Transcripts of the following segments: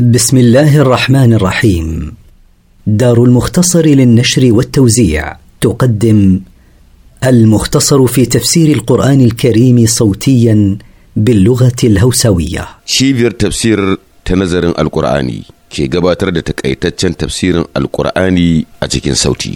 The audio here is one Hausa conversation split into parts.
بسم الله الرحمن الرحيم دار المختصر للنشر والتوزيع تقدم المختصر في تفسير القرآن الكريم صوتيا باللغة الهوسوية شيفير تفسير تنزر القرآني كي قباتر تكأيتتشن تفسير القرآني أتكين صوتي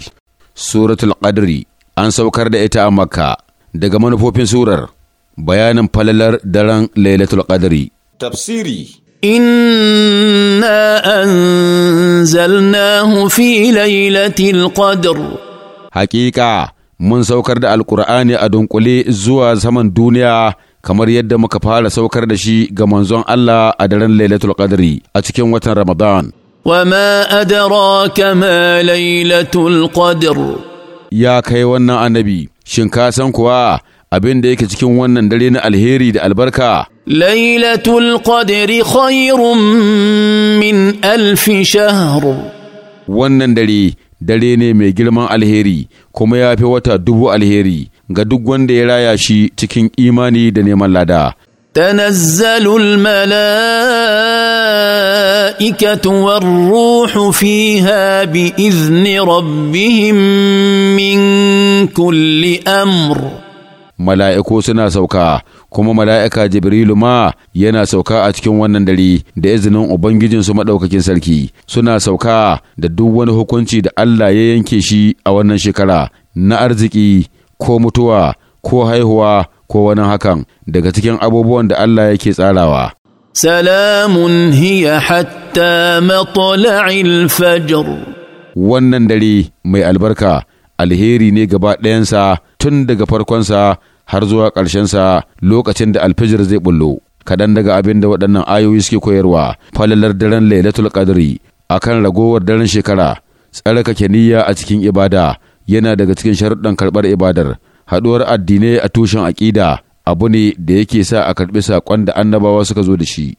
سورة القدر أن سوكر دائتا مكة دقمان فوبين سورر بيانا فللر دران ليلة القدري تفسيري انا انزلناه في ليله القدر حقيقه mun saukar da Alƙur'ani a dunkule zuwa saman duniya kamar yadda muka fara saukar da shi ga manzon Allah a daren Lailatul Qadri a cikin watan Ramadan. وما أدراك ma ليلة القدر Ya kai wannan annabi shin ka san kuwa abin da yake cikin wannan dare na alheri da albarka ليله القدر خير من الف شهر wannan dare dare ne mai girman alheri kuma ya fi wata dubu alheri ga duk wanda ya raya shi cikin imani da neman lada تنزل الملائكة والروح فيها بإذن ربهم من كل أمر mala'iku suna sauka kuma mala'ika jibrilu ma yana sauka a cikin wannan dare da izinin ubangijinsu maɗaukakin sarki suna sauka da duk wani hukunci da Allah ya yanke shi a wannan shekara na arziki ko mutuwa ko haihuwa ko wani hakan daga cikin abubuwan da Allah yake tsarawa. Salamun hiya hatta matla'il fajr. Wannan dare mai albarka alheri ne gaba ɗayansa tun daga farkonsa har zuwa ƙarshensa lokacin da alfijir zai bullo kaɗan daga abin da waɗannan ayoyi suke koyarwa falalar daren lailatul qadri kan ragowar daren shekara tsarkake niyya a cikin ibada yana daga cikin sharuɗan karɓar ibadar haɗuwar addinai a tushen aƙida abu ne da yake sa a karɓi saƙon da annabawa suka zo da shi